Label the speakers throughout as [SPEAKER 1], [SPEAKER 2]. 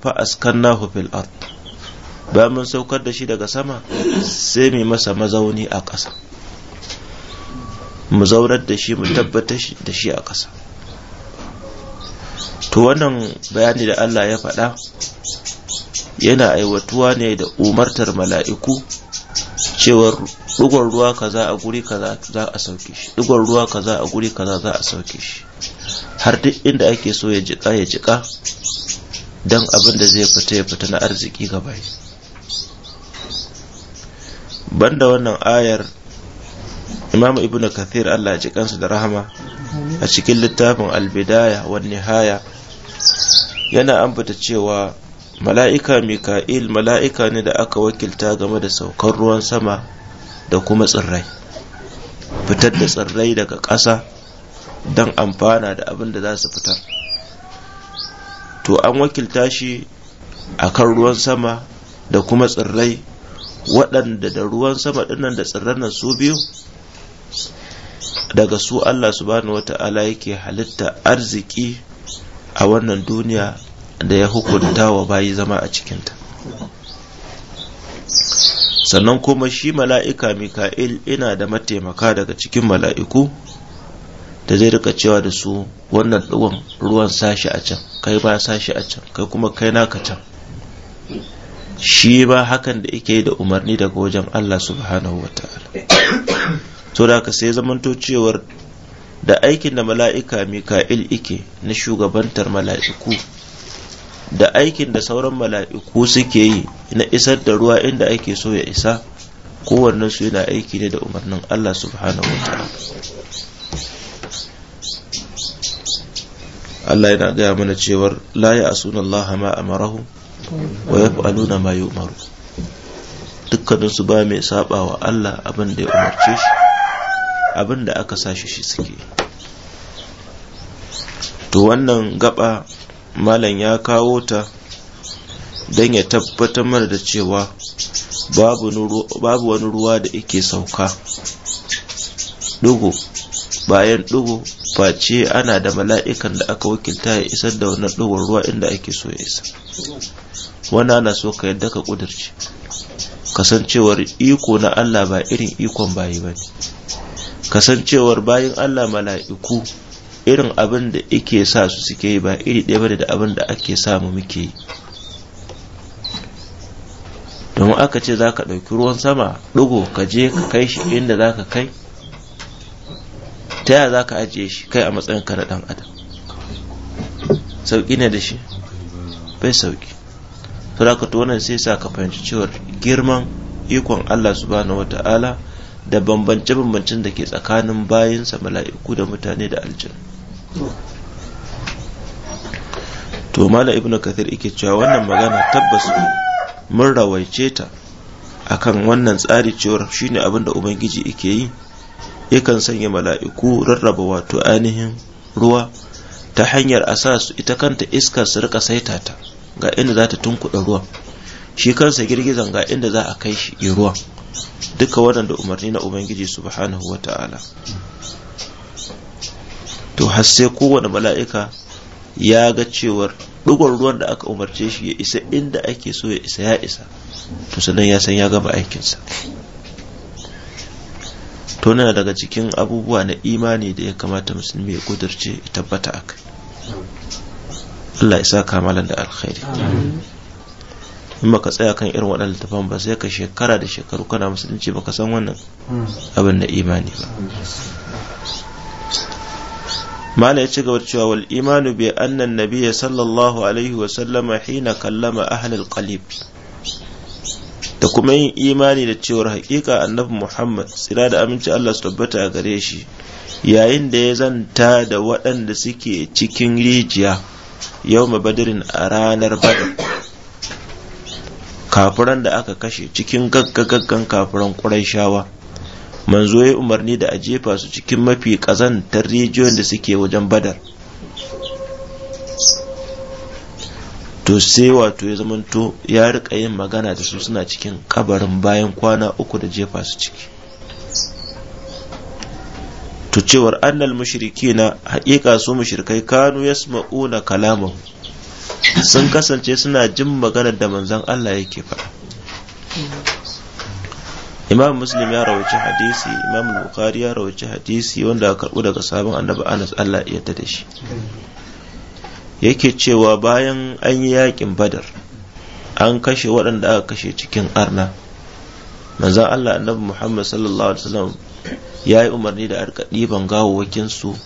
[SPEAKER 1] fa askannahu fil ard ba mun saukar da shi daga sama sai mai masa mazauni a ƙasa mu zaurar da shi mu tabbatar da shi a ƙasa to wannan bayani da Allah ya faɗa yana aiwatuwa ne da umartar mala'iku cewa ɗigon ruwa kaza a guri kaza za a sauke shi ɗigon ruwa kaza a guri kaza za a sauke shi har duk inda ake so ya jika ya jika don abin da zai fita ya fita na arziki ga bai banda wannan ayar imam ibnu kathir allah ji kansa da rahama a cikin littafin albidaya wa nihaya yana ambata cewa mala'ika mika'il mala'ika ne da aka wakilta game da saukar ruwan sama da kuma tsirrai fitar da tsirrai daga ƙasa don amfana da abin da za su fitar to an wakilta shi a kan ruwan sama da kuma tsirrai waɗanda da ruwan sama ɗinnan da tsirran nan su biyu daga su Allah Su subhanahu wata'ala yake halitta arziki a wannan duniya da ya hukunta wa bayi zama a cikinta sannan kuma shi mala'ika mika'il ina da mataimaka daga cikin mala'iku da zai rika cewa da su wannan ɗuwan ruwan sashi a can kai ba sashi a can kai kuma kai naka can shi ba hakan da yake da umarni daga wajen Allah subhanahu wa ta'ala to da ka sai zamanto cewar da aikin da mala'ika mika'il ike na shugabantar mala'iku da aikin da sauran mala'iku suke yi na isar da ruwa inda ake so ya isa kowannen su yana aiki ne da umarnin Allah subhanahu wa ta'ala Allah yana gaya mana cewar la ya asuna Allah ma amarahu wa yaf'aluna ma yu'maru dukkanin su ba mai saba wa Allah abin da ya umarce shi abin da aka sashi shi suke to wannan gaba malam ya kawo ta don ya tabbatar mana da cewa babu wani ruwa da yake sauka dugu bayan ɗigo face ana da mala'ikan da aka wakilta ya isar da wannan ɗigon ruwa inda ake so ya isa wani ana so ka yadda ka ƙudurci kasancewar iko na Allah ba irin ikon bayi ba ne kasancewar bayin Allah mala'iku irin abin da ike sa su suke yi ba iri ɗaya bane da abin da ake samu muke yi domin aka ce za ka ɗauki ruwan sama ɗigo ka je ka kai shi inda za ka kai ta yaya za ka ajiye shi kai a matsayin ka na ɗan adam sauƙi ne da shi bai sauƙi to da to wannan sai sa ka fahimci cewar girman ikon Allah subhanahu wata'ala da bambance-bambancen da ke tsakanin bayansa mala'iku da mutane da aljin to mala ibnu kathir yake cewa wannan magana tabbas mun rawaice ta akan wannan tsari cewar shine abin da ubangiji yake yi yakan sanya mala'iku rarraba wato ainihin ruwa ta hanyar a sa su ita kanta iskar su rika saita ta ga inda za ta tunkuɗa ruwa shi kansa girgizan ga inda za a kai shi ruwa duka waɗanda umarni na ubangiji subhanahu wa ta'ala to har sai kowane mala'ika ya ga cewar ɗugon ruwan da aka umarce shi ya isa inda ake so ya isa ya isa to sannan ya san ya gama aikinsa to na daga cikin abubuwa na imani da ya kamata musulmi ya kudurce ya tabbata a kai Allah ya sa kamalan da alkhairi in baka tsaya kan irin waɗanda littafan ba sai ka shekara da shekaru kana musulunci baka san wannan abin na imani ba mala ya ci gaba cewa wal imanu bi annan nabiyya sallallahu alaihi wa sallama hina kallama ahlul qalib da kuma yin imani da cewar hakika annabi Muhammad tsira da aminci Allah su tabbata a gare shi yayin da ya zanta da waɗanda suke cikin rijiya yau badarin a ranar badar kafiran da aka kashe cikin gaggagaggan kafiran shawa, manzo ya umarni da a jefa su cikin mafi ƙazantar rijiyoyin da suke wajen badar to sai wato ya zamanto ya rika yin magana da su suna cikin kabarin bayan kwana uku da jefa su ciki to cewar annal mushriki na haƙiƙa su mushrikai kanu yasma'una kalamahu sun kasance suna jin maganar da manzon Allah yake faɗa imam muslim ya rawaci hadisi imam bukhari ya rawaci hadisi wanda aka karɓo daga sabon annabi anas Allah ya da shi yake cewa bayan an yi yakin badar an kashe waɗanda aka kashe cikin arna manzan Allah annabi Muhammad sallallahu alaihi wasallam ya yi umarni da arka ɗiban gawawwakin su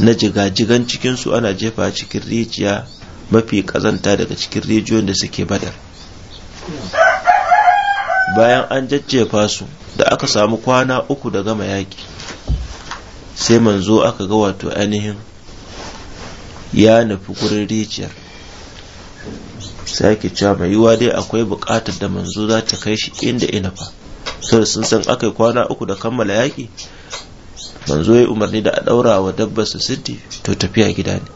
[SPEAKER 1] na jigajigan cikin su ana jefa cikin rijiya mafi ƙazanta daga cikin rijiyoyin da suke badar bayan an jajjefa su da aka samu kwana uku da gama yaki sai manzo aka ga wato ainihin ya nufi gurin rijiyar sake cewa mai yiwa dai akwai bukatar da manzo za ta kai shi inda ina fa so sun san aka kwana uku da kammala yaki manzo ya umarni da a ɗaura wa dabbar su sitti to tafiya gida ne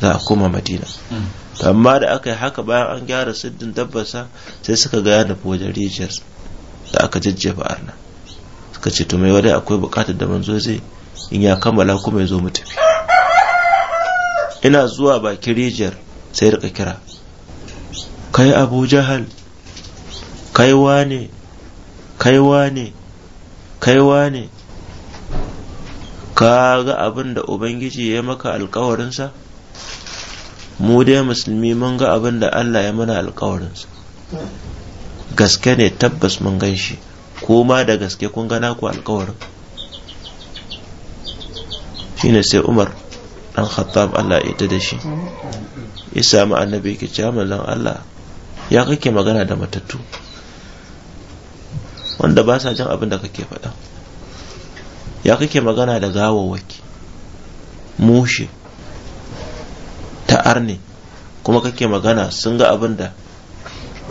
[SPEAKER 1] za a koma madina mm. amma da aka yi haka bayan an gyara siddin dabbasa, sai suka ga ya nufi wajen rijiyar da aka jajjefa arna suka ce to mai wadai akwai bukatar da manzo zai in ya kammala kuma ya zo mu tafi ina zuwa bakin rijiyar sai rika kira kai abu jahal kai wane kai wane kai wane ka ga abin da ubangiji ya maka alkawarinsa mu dai musulmi mun ga abin da allah ya mana alkawarinsa gaske ne tabbas mun gan shi ko ma da gaske kun gana ku alkawarin shine sai umar dan khattab Allah ya da shi ya samu annabi ke cewa mallan Allah ya kake magana da matattu wanda ba sa jin abin da kake faɗa ya kake magana da gawawaki mushe ta'ar ne kuma kake magana sun ga abin da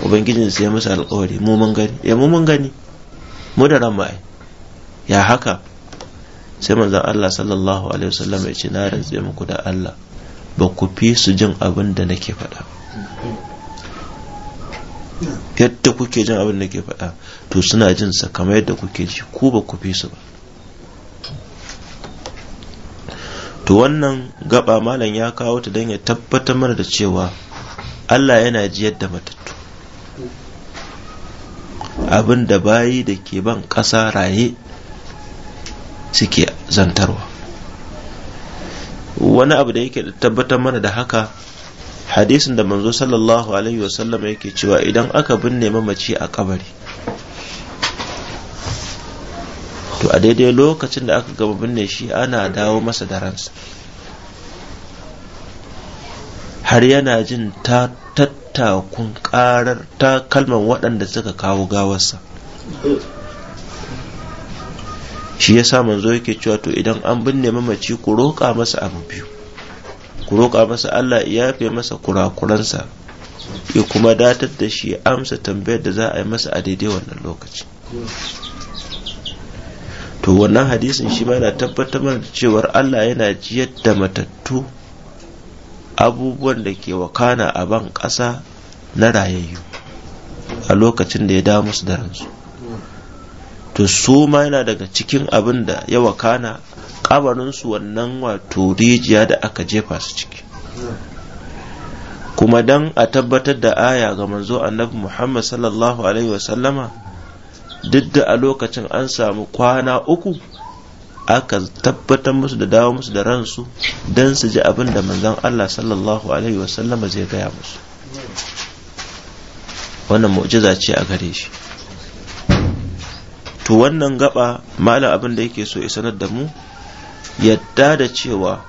[SPEAKER 1] ubangijin sai musu alkawari mu mun gani ya eh, mu mun gani mu da ran mai ya haka sai manzon Allah sallallahu alaihi wasallam ya ce na rantse muku da Allah ba ku fi su jin abin da nake faɗa yadda kuke jin abin da nake faɗa to suna jin sa kamar yadda kuke ji ku ba ku fi su ba to wannan gaba malam ya kawo ta don ya tabbatar mana da cewa Allah yana ji yadda matattu abin da bayi da ke ban ƙasa raye suke zantarwa wani abu da yake tabbatar mana da haka hadisin da manzo sallallahu alaihi wasallam yake cewa idan aka binne mamaci a kabari to a daidai lokacin da aka gama binne shi ana dawo masa da ransa har yana jin ta tattakun karar ta kalmar waɗanda suka kawo gawarsa shi ya sa manzo yake cewa to idan an binne mamaci ku roƙa masa abu biyu ku roƙa masa Allah ya yafe masa kurakuransa ya kuma datar da shi amsa tambayar da za a yi masa a daidai wannan lokaci to wannan hadisin shi ma yana tabbatar mana da cewar Allah yana jiyar da matattu abubuwan da ke wakana a ban ƙasa na rayayyu a lokacin da ya da musu da ransu to su ma yana daga cikin abin da ya wakana kabarinsu wannan wato rijiya da aka jefa su ciki kuma dan a tabbatar da aya ga manzo annabi muhammad sallallahu alaihi wasallama duk da a lokacin an samu kwana uku aka tabbatar musu da dawo musu da ransu don su ji abin da manzon allah sallallahu alaihi wasallama zai gaya musu wannan mu'jiza ce a gare shi to wannan gaba malam abin da yake so ya sanar da mu yadda da cewa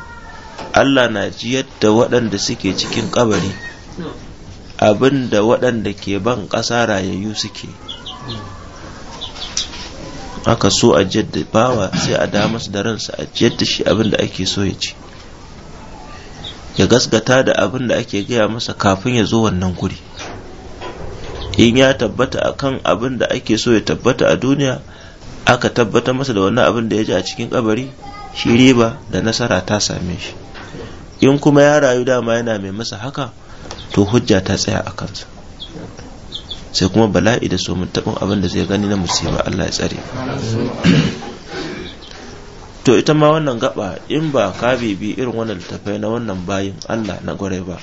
[SPEAKER 1] Allah na jiyar da waɗanda suke cikin kabari abin da waɗanda ke ban ƙasa rayayyu suke aka so a jadda bawa sai a damas da ransa a jadda shi abin da ake so ya ci ya gasgata da abin da ake gaya masa kafin ya zo wannan guri in ya tabbata akan abin da ake so ya tabbata a duniya aka tabbata masa da wannan abin da ya ji a cikin kabari shi riba da nasara ta same shi in kuma ya rayu dama yana mai masa haka to hujja ta tsaya a kansa sai kuma bala'i da so mun taɓin abin da zai gani na musiba Allah ya tsare to ita ma wannan gaba in ba ka bibi irin wannan littattafai na wannan bayin Allah na gwarai ba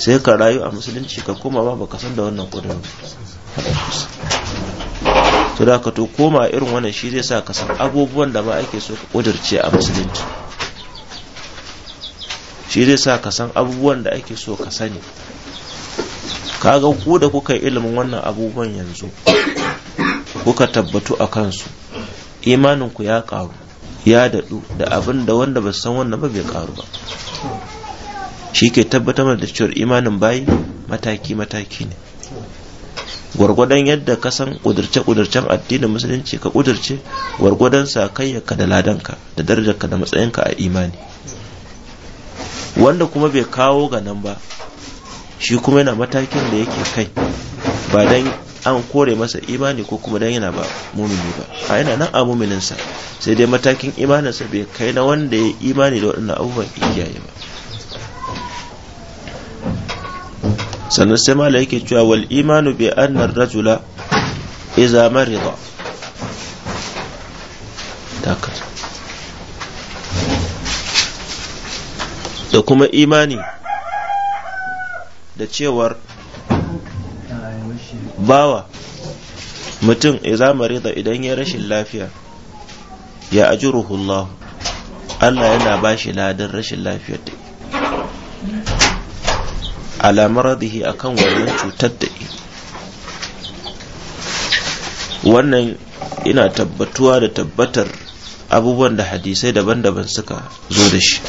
[SPEAKER 1] sai ka rayu a musulunci ka koma ba baka san da wannan kudurin to da ka to koma irin wannan shi zai sa ka san abubuwan da ba ake so ka kudurce a musulunci shi zai sa ka san abubuwan da ake so ka sani kaga ku da kuka yi ilimin wannan abubuwan yanzu kuka tabbatu a kansu imaninku ya karu ya daɗu da abin da wanda ba san wannan ba bai karu ba shi ke tabbatar da cewar imanin bayi mataki-mataki ne gwargwadon yadda ka san ƙudurce-ƙudurcen addinin musulunci ka kudurce gwargwadon sa kayyaka da ladanka da darajarka da matsayinka a imani wanda kuma bai kawo ga nan ba shi kuma yana matakin da yake kai ba don an kore masa imani ko kuma don yana ba mumini ba a yana nan a mumininsa sai dai matakin imaninsa bai kai na wanda ya yi imani da waɗannan abubuwan iyaye ba sannan sai mala yake cewa wal imanu bi anna rajula iza marida da kuma imani da cewar bawa mutum iza marida idan ya rashin lafiya ya ajuruhullahu Allah yana ba shi ladan rashin lafiyar da ala maradihi akan wannan cutar da wannan ina tabbatuwa da tabbatar abubuwan da hadisai daban-daban suka zo da shi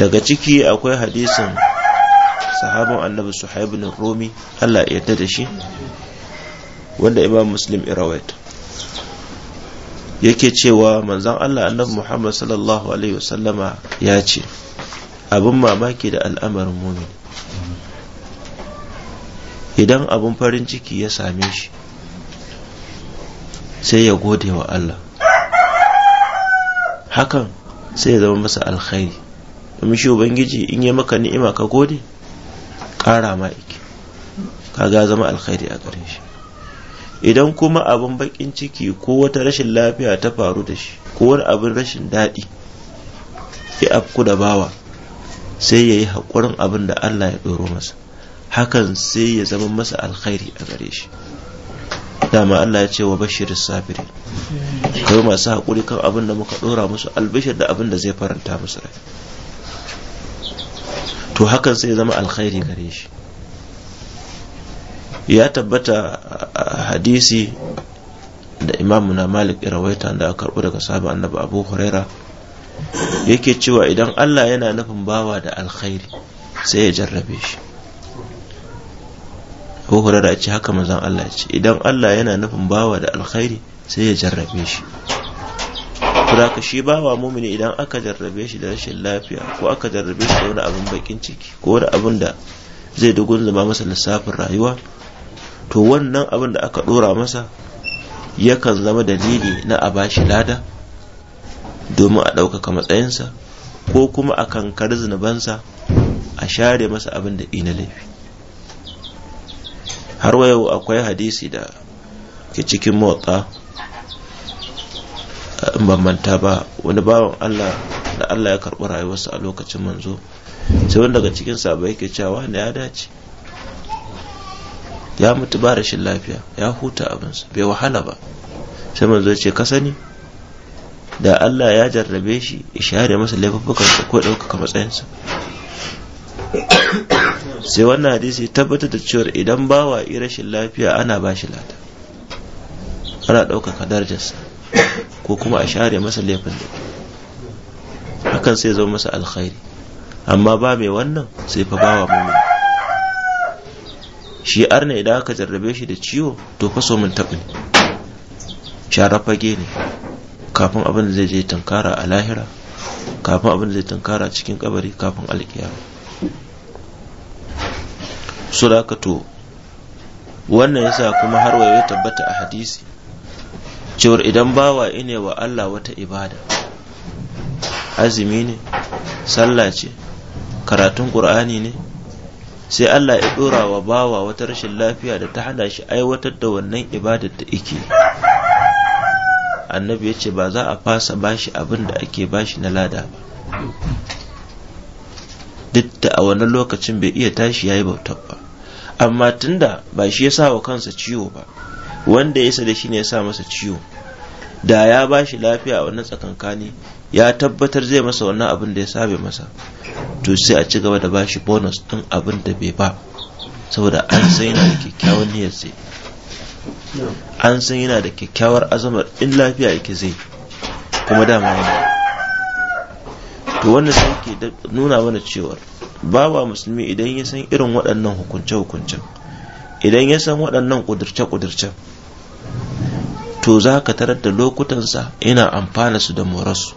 [SPEAKER 1] daga ciki akwai hadisin sahabin annabi suhaibin romi allah ya da shi wanda imam muslim irawait yake cewa manzan allah annabi muhammad sallallahu alaihi wasallama ya ce abin mamaki da al'amarin mumini idan abin farin ciki ya same shi sai ya gode wa Allah hakan sai ya zama masa alkhairi domin shi ubangiji in ya maka ni'ima ka gode ƙara ma iki kaga zama alkhairi a gare shi idan kuma abin bakin ciki ko wata rashin lafiya ta faru da shi ko wani abin rashin daɗi ya afku da bawa sai ya yi haƙurin abin da Allah ya ɗoro masa hakan sai ya zama masa alkhairi a gare shi dama Allah ya ce wa bashirin sabiri kai masu haƙuri kan abin da muka ɗora musu albishir da abin da zai faranta musu rai to hakan sai ya zama alkhairi gare shi ya tabbata hadisi da imamuna malik irawaita da aka karɓi daga sabon annabi abu huraira yake cewa idan Allah yana nufin bawa da alkhairi sai ya jarrabe shi ko ce haka mazan Allah ce idan Allah yana nufin bawa da alkhairi sai ya jarrabe shi ka shi bawa mumini idan aka jarrabe shi da rashin lafiya ko aka jarrabe shi da wani abin bakin ciki ko wani abin da zai dugun zama masa lissafin rayuwa to wannan abin da aka dora masa yakan zama dalili na a bashi lada domin a ɗaukaka matsayinsa ko kuma a kankar zunubansa a share masa abin da ina laifi har yau akwai hadisi da ke cikin motsa bambanta ba wani bawan Allah da Allah ya karɓi rayuwarsa a lokacin manzo sai wanda daga cikin sabai yake cewa ne ya dace ya mutu ba rashin lafiya ya huta abinsa bai wahala ba sai manzo ya ce ka sani da Allah ya jarrabe shi ya share masa sa ko ɗaukaka matsayinsa sai wannan hadisi tabbatar da cewa idan bawa yi rashin lafiya ana ba shi lata ana ɗaukaka darajarsa ko kuma a share masa laifin da hakan sai zama masa alkhairi amma ba mai wannan sai fa bawa mumin shi arna idan aka jarrabe shi da ciwo to fa so mun tabbi sharafage ne kafin abin da zai je tankara a lahira kafin abin da zai tankara cikin kabari kafin alkiyama su da to wannan yasa kuma har wayo tabbata a hadisi cewar idan bawa ine wa Allah wata ibada azumi ne sallah ce karatun ƙur'ani ne sai Allah ya dora wa bawa wata rashin lafiya da ta hana shi aiwatar da wannan ibadar da ike annabi ya ce ba za a fasa bashi abin da ake bashi na lada ba duk da a wannan lokacin bai iya tashi ya yi bautar ba amma tunda ba shi ya sa wa kansa ciwo ba wanda ya da shi ne ya sa masa ciwo da ya bashi lafiya a wannan tsakankani ya tabbatar zai masa wannan abin da ya sabe masa to sai a ci gaba da bashi bonus din abin da bai ba saboda an sai yana da kyakkyawan niyyar sai an san yana da kyakkyawar azamar in lafiya yake zai kuma dama yana to wannan sai ke nuna mana cewar babu musulmi idan ya san irin waɗannan hukunce-hukuncen idan ya san waɗannan ƙudurce ƙudurce to za ka tarar da lokutansa yana amfana su da morarsu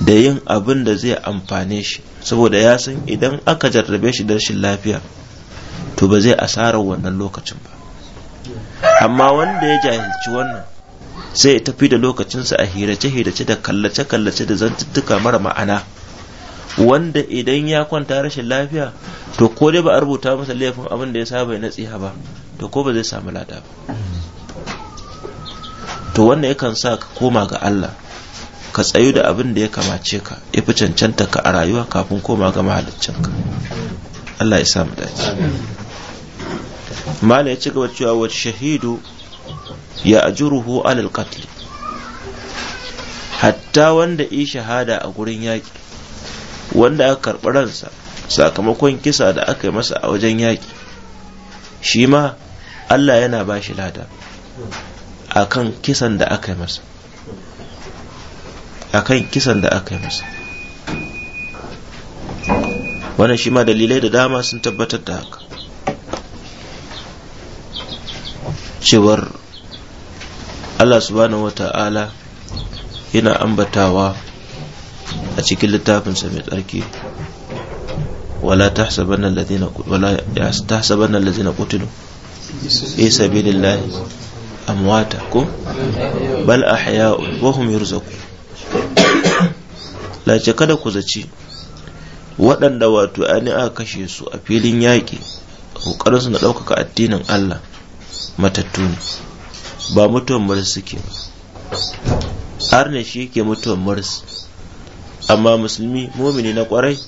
[SPEAKER 1] da yin abin da zai amfane shi saboda ya san idan aka jarrabe shi da rashin lafiya to ba zai asarar wannan lokacin ba amma wanda ya jahilci wannan sai ya tafi da lokacinsa a hirace-hirace da kallace-kallace da zantuttuka mara ma'ana wanda idan ya kwanta rashin lafiya to ko dai ba a rubuta masa laifin abin da ya saba ya natsiha ba to ko ba zai samu lada ba to wanda yakan sa ka koma ga Allah ka tsayu da abin da ya kamace ka ya fi cancanta ka a rayuwa kafin koma ga mahaliccinka Allah ya samu dace mala ya ci gaba cewa wa shahidu ya ajuruhu alal qatl hatta wanda yi shahada a gurin yaƙi wanda aka karɓi ransa sakamakon kisa da aka yi masa a wajen yaƙi shi ma Allah yana ba shi lada a kan kisan da aka yi masa a kan kisan da aka yi masa wannan shi ma dalilai da dama sun tabbatar da haka cewar Allah subhanahu ta’ala yana ambatawa a cikin littafinsa mai tsarki wala ta sabanin lazina kutulu fi sabilillahi amwata ko bal ahya'un wa hum yurzaqun la ce kada ku zaci waɗanda wato ani aka kashe su a filin yaƙi kokarin su na ɗaukaka addinin Allah matattu ne ba mutuwan mars suke har ne shi ke mutuwan mars amma musulmi mumini na kwarai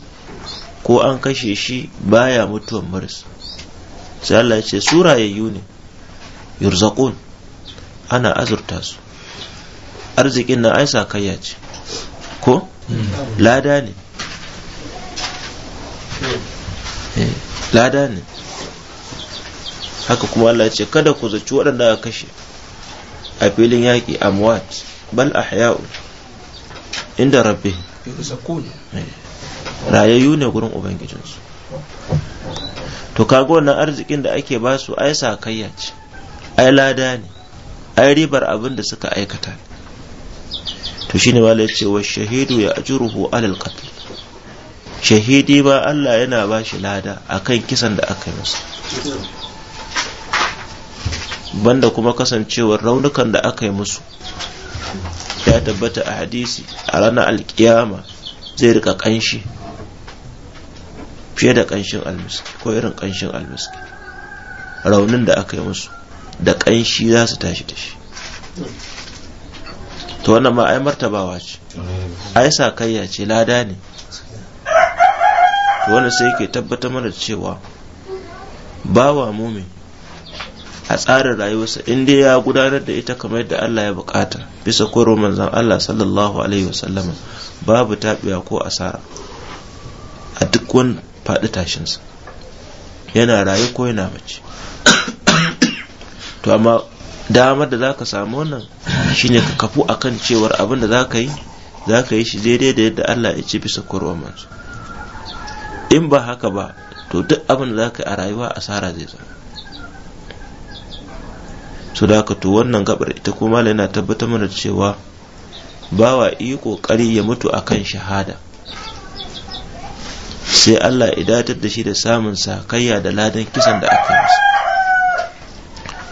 [SPEAKER 1] ko an kashe shi baya mutuwan mars sai Allah ya ce surayayyu ne yurzaqun ana azurta su arzikin na aisa kayya ce ko hmm. lada ne eh, lada ne haka kuma Allah ya ce kada ku zaci waɗanda aka kashe a filin yaƙi amwat bal ahya'u inda rabbi eh, rayayyu ne gurin ubangijinsu to kaga na arzikin da ake ba su ai sakayya ce ai lada ne ai ribar abin da suka aikata to shine wala ya ce wa shahidu ya ajruhu alal qatl shahidi ba Allah yana ba shi lada akan kisan da aka yi masa banda kuma kasancewar raunukan da aka yi musu ya tabbata a hadisi a ranar alkiyama zai rika kanshi fiye da kanshin almiski ko irin kanshin almiski raunin da aka yi musu da kanshi za su tashi da shi to wannan ma ai martabawa ce ai kayya ce lada ne to wannan sai ke tabbatar mana cewa bawa mumin a tsarin rayuwarsa in dai ya gudanar da ita kamar yadda Allah ya bukata bisa koro manzan Allah sallallahu alaihi wasallama babu tabiya ko asara a duk wani faɗi tashinsa yana raye ko yana mace to amma damar da zaka samu wannan shine ka kafu akan cewar abin da zaka yi zaka yi shi daidai da yadda Allah ya ce bisa koro manzo in ba haka ba to duk abin da zaka yi a rayuwa asara zai zama Su da wannan gabar ita kuma yana tabbatar mana cewa bawa yi kokari ya mutu akan shahada sai Allah idatar da shi da samun sakayya da ladan kisan da aka yi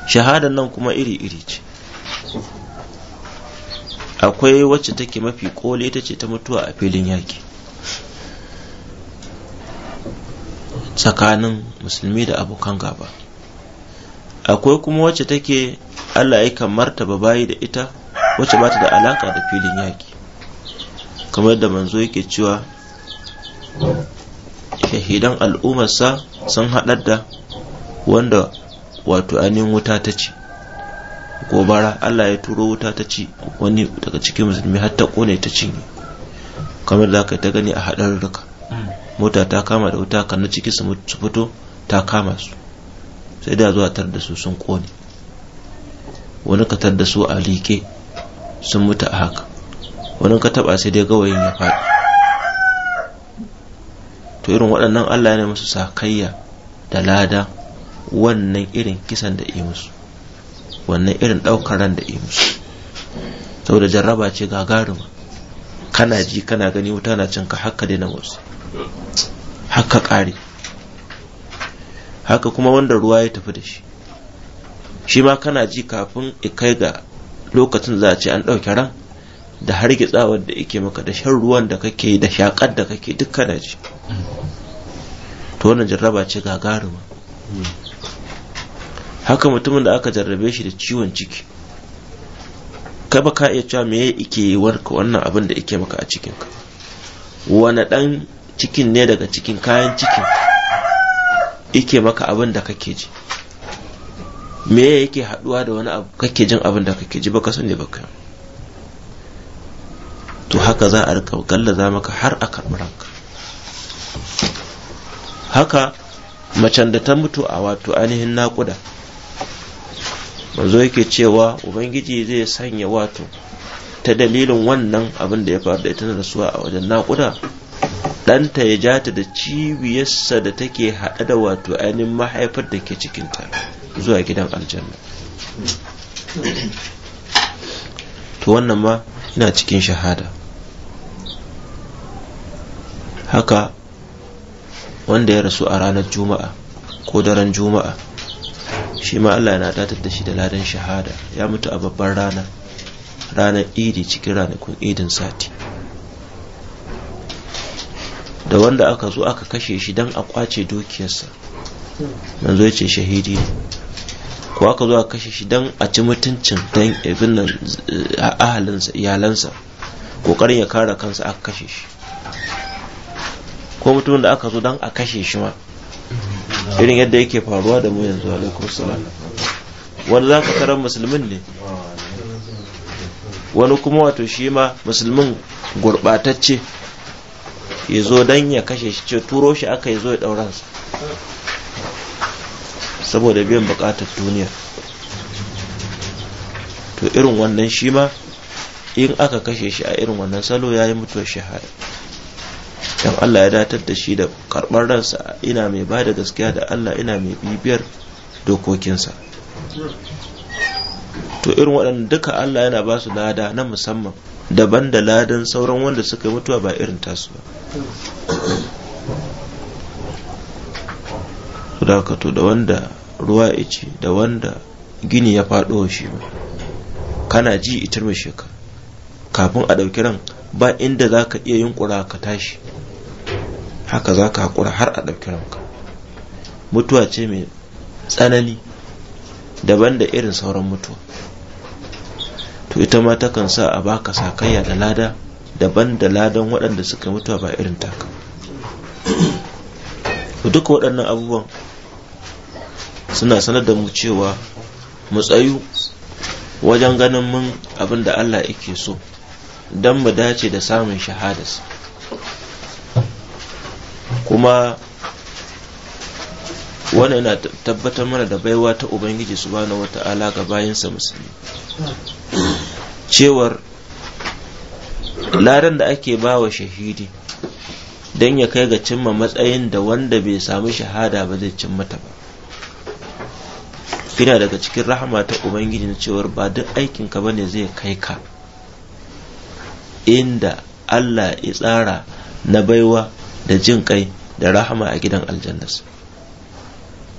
[SPEAKER 1] shahadan nan kuma iri-iri ce akwai wacce take mafi kole ta ce ta mutuwa a filin yaki tsakanin musulmi da abokan gaba akwai kuma wacce take Allah ya ta ba bayi da ita wacce bata da alaka da filin yaƙi kamar da manzo yake cewa shahidan al'ummarsa sun haɗar da wanda wato ainihin wuta ta ci gobara Allah ya turo wuta ta ci wani daga cikin musulmi har ta kone ta cinye kamar da aka ta gani a haɗarurruka mm. mota ta kama da wuta kan na ciki su fito ta kama su sai da zuwa tar da su sun kone wani ka tar da su a liƙe sun mutu a haka wani ka taba sai dai gawayin ya faɗi to irin waɗannan Allah ne musu sakayya da lada wannan irin kisan da musu wannan irin ɗaukar ran da musu saboda jarraba ce gagaruma kana ji kana gani wuta na cinka haka daina musu, haka ƙare haka kuma wanda ruwa ya tafi da shi shi ma kana ji kafin kai ga lokacin za a ce an ɗauki ran da har gitsawar da yake maka da shan ruwan da kake da shakar da kake duk kana ji to wannan jarraba ce gagaruma haka mutumin da aka jarrabe shi da ciwon ciki kai ba ka iya cewa me yake yi warka wannan abin da yake maka a cikinka Wane ɗan cikin ne daga cikin kayan cikin yake maka abin da kake ji me yake haduwa da wani abu kake jin abin da kake ji baka sani baka to haka za a rika za maka har a karɓi haka macen da ta mutu a wato ainihin naƙuda manzo yake cewa ubangiji zai sanya wato ta dalilin wannan abin da ya faru da ita na rasuwa a wajen naƙuda ɗanta ya ja ta da cibiyarsa da take haɗe da wato ainihin mahaifar da ke cikinta zuwa gidan aljanna to wannan ma ina cikin shahada haka wanda ya rasu a ranar juma'a ko daren juma'a shi ma Allah yana datar da shi da ladan shahada ya mutu a babban rana ranar idi cikin ranakun idin sati da wanda aka zo aka kashe shi don a kwace dukiyarsa manzo ya ce shahidi ne ko aka zo aka kashe shi don a ci mutuncin don ibin nan eh, ahalinsa iyalansa kokarin ya kare kansa aka kashe shi ko mutumin da aka zo don a kashe shi ma irin yadda yake faruwa da mu yanzu alaikum salam wani za ka tara musulmin ne wani kuma wato shi ma musulmin gurɓatacce ya zo don ya kashe shi ce turo shi aka yi zo ya ɗauransa saboda biyan buƙatar duniya to irin wannan shi ma in aka kashe shi a irin wannan salo ya yi mutuwar shahada don Allah ya datar da shi da karɓar ransa ina mai ba da gaskiya da Allah ina mai bibiyar dokokinsa to irin waɗanda duka Allah yana ba su lada na musamman daban da ladan sauran wanda suka yi mutuwa ba irin tasu ba da da wanda ruwa ice da wanda gini ya faɗo shi ba kana ji itar mai sheka kafin a ɗauki ran ba inda za ka iya yunkura ka tashi haka za ka haƙura har a ɗauki ranka mutuwa ce mai tsanani daban da irin sauran mutuwa to ita ma takan sa a baka sakayya da lada daban da ladan waɗanda suka mutuwa ba irin taka duka waɗannan abubuwan suna sanar da mu cewa mu tsayu wajen ganin mun abin da Allah yake so don mu dace da samun shahadas kuma wannan yana tabbatar mana da baiwa ta ubangiji subhanahu wata'ala ga bayansa musulmi cewar ladan da ake ba wa shahidi don ya kai ga cimma matsayin da wanda bai samu shahada ba zai cimma ta ba Kina daga cikin rahama ta ubangiji na cewar ba duk aikinka ba ne zai kai ka inda allah ya tsara na baiwa da jin kai da rahama a gidan aljannas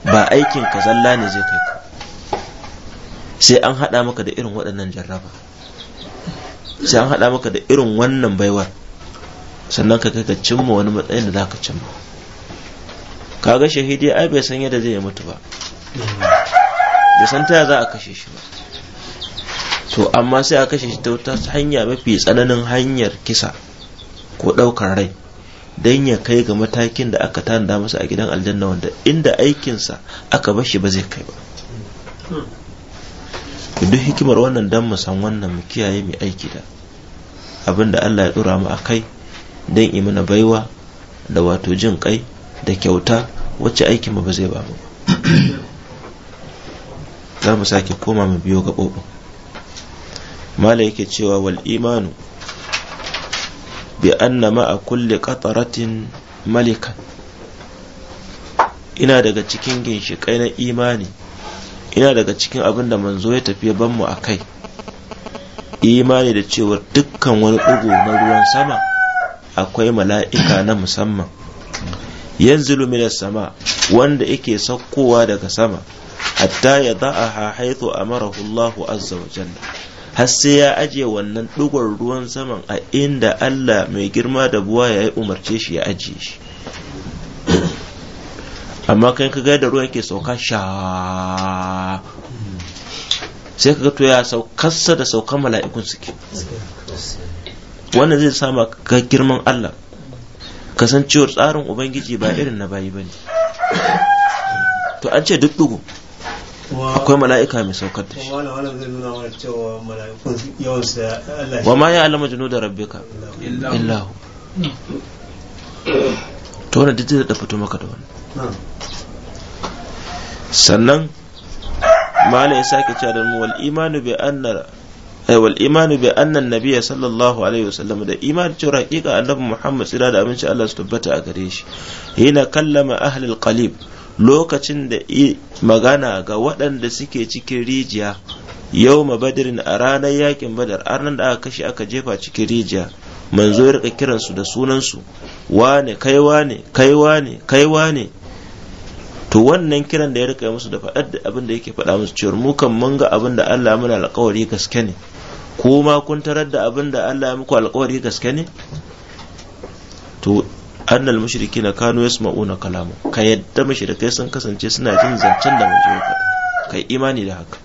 [SPEAKER 1] ba aikin ka zalla ne zai kai ka sai an haɗa maka da irin waɗannan jarraba sai an haɗa maka da irin wannan baiwar sannan ka kai ka cimma wani matsayin da za ka cimma kaga shahidi ai bai san yadda zai yi mutu ba bai san ta za a kashe shi ba to amma sai a kashe shi ta wata hanya mafi tsananin hanyar kisa ko ɗaukar rai don ya kai ga matakin da aka tanada masa a gidan aljanna wanda inda aikinsa aka bashi ba zai kai ba duk hikimar wannan dan mu san wannan mu kiyaye mu aiki da abin da Allah ya dora mu akai dan imana baiwa da wato jin kai da kyauta wacce aikin mu ba zai ba mu ba za mu sake koma mu biyo gaɓoɓin mala yake cewa wal imanu bi anna ma'a kulli qataratin malikan ina daga cikin ginshiƙai na imani Ina daga cikin abin da manzo ya tafi ban mu a kai imani da cewa dukkan wani ɗigo na ruwan sama akwai mala'ika na musamman yanzu luminar sama wanda yake saukowa daga sama hatta ya za'aha haithu amarahu Allahu azza wa jalla har sai ya aje wannan ɗigon ruwan saman a inda Allah mai girma da buwa ya yi umarce shi ya ajiye shi amma kai ka gaya da ruwa yake sauka sha sai ka ga to ya saukarsa da saukan mala'ikun suke wannan zai sama ga girman Allah kasancewar tsarin ubangiji ba irin na bayi bane to an ce duk dugu akwai mala'ika mai saukar da
[SPEAKER 2] shi wa ma ya
[SPEAKER 1] alama junu da rabbika illahu to wannan duk zai da fito maka da wannan sannan malam ya sake cewa mu wal imanu bi anna eh, wal imanu bi anna nabiyya sallallahu alaihi wasallam da iman cewa hakika annabi Muhammad sira da aminci Allah su tabbata a gare shi yana kallama ahlul kalib lokacin da magana ga waɗanda suke cikin rijiya yau badirin a ranar yakin badar a ranar da aka kashe aka jefa cikin rijiya manzo ya rika kiransu da sunansu wane kaiwa ne kaiwa ne kaiwa ne to wannan kiran da ya rika musu da faɗar da abin da yake faɗa musu cewa mu kan mun ga abin da Allah muna alƙawari gaske ne ko ma kun tarar da abin da Allah ya muku alƙawari gaske ne to annal na kanu yasma'una kalamu ka yadda mushrikai sun kasance suna jin zancen da manzo ya kai imani da haka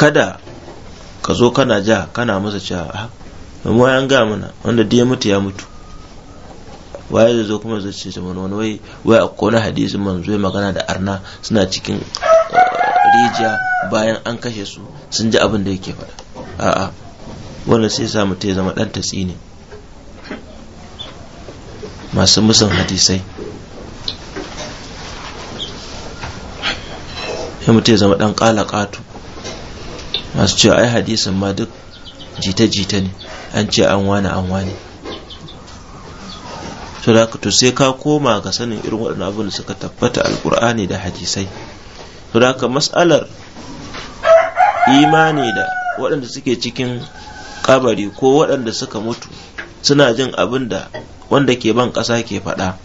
[SPEAKER 1] kada ka zo kana ja kana masa cewa mu an ga mana wanda da ya mutu ya mutu waye zai zo kuma zai ce mana wani wai wai a kona hadisi man zai magana da arna suna cikin eh, rijiya bayan an kashe su sun ji abin da yake faɗa a'a wannan sai sa mutum ya zama ɗan tatsi ne masu musan hadisai ya mutum ya zama ɗan ƙala ƙatu masu cewa ai hadisin ma duk jita-jita ne an ce an wane an wane to da to sai ka koma ga sanin irin waɗannan abin da suka tabbata Alƙur'ani da hadisai to da mas'alar imani da waɗanda suke cikin kabari ko waɗanda suka mutu suna jin abin da wanda ke ban ƙasa ke faɗa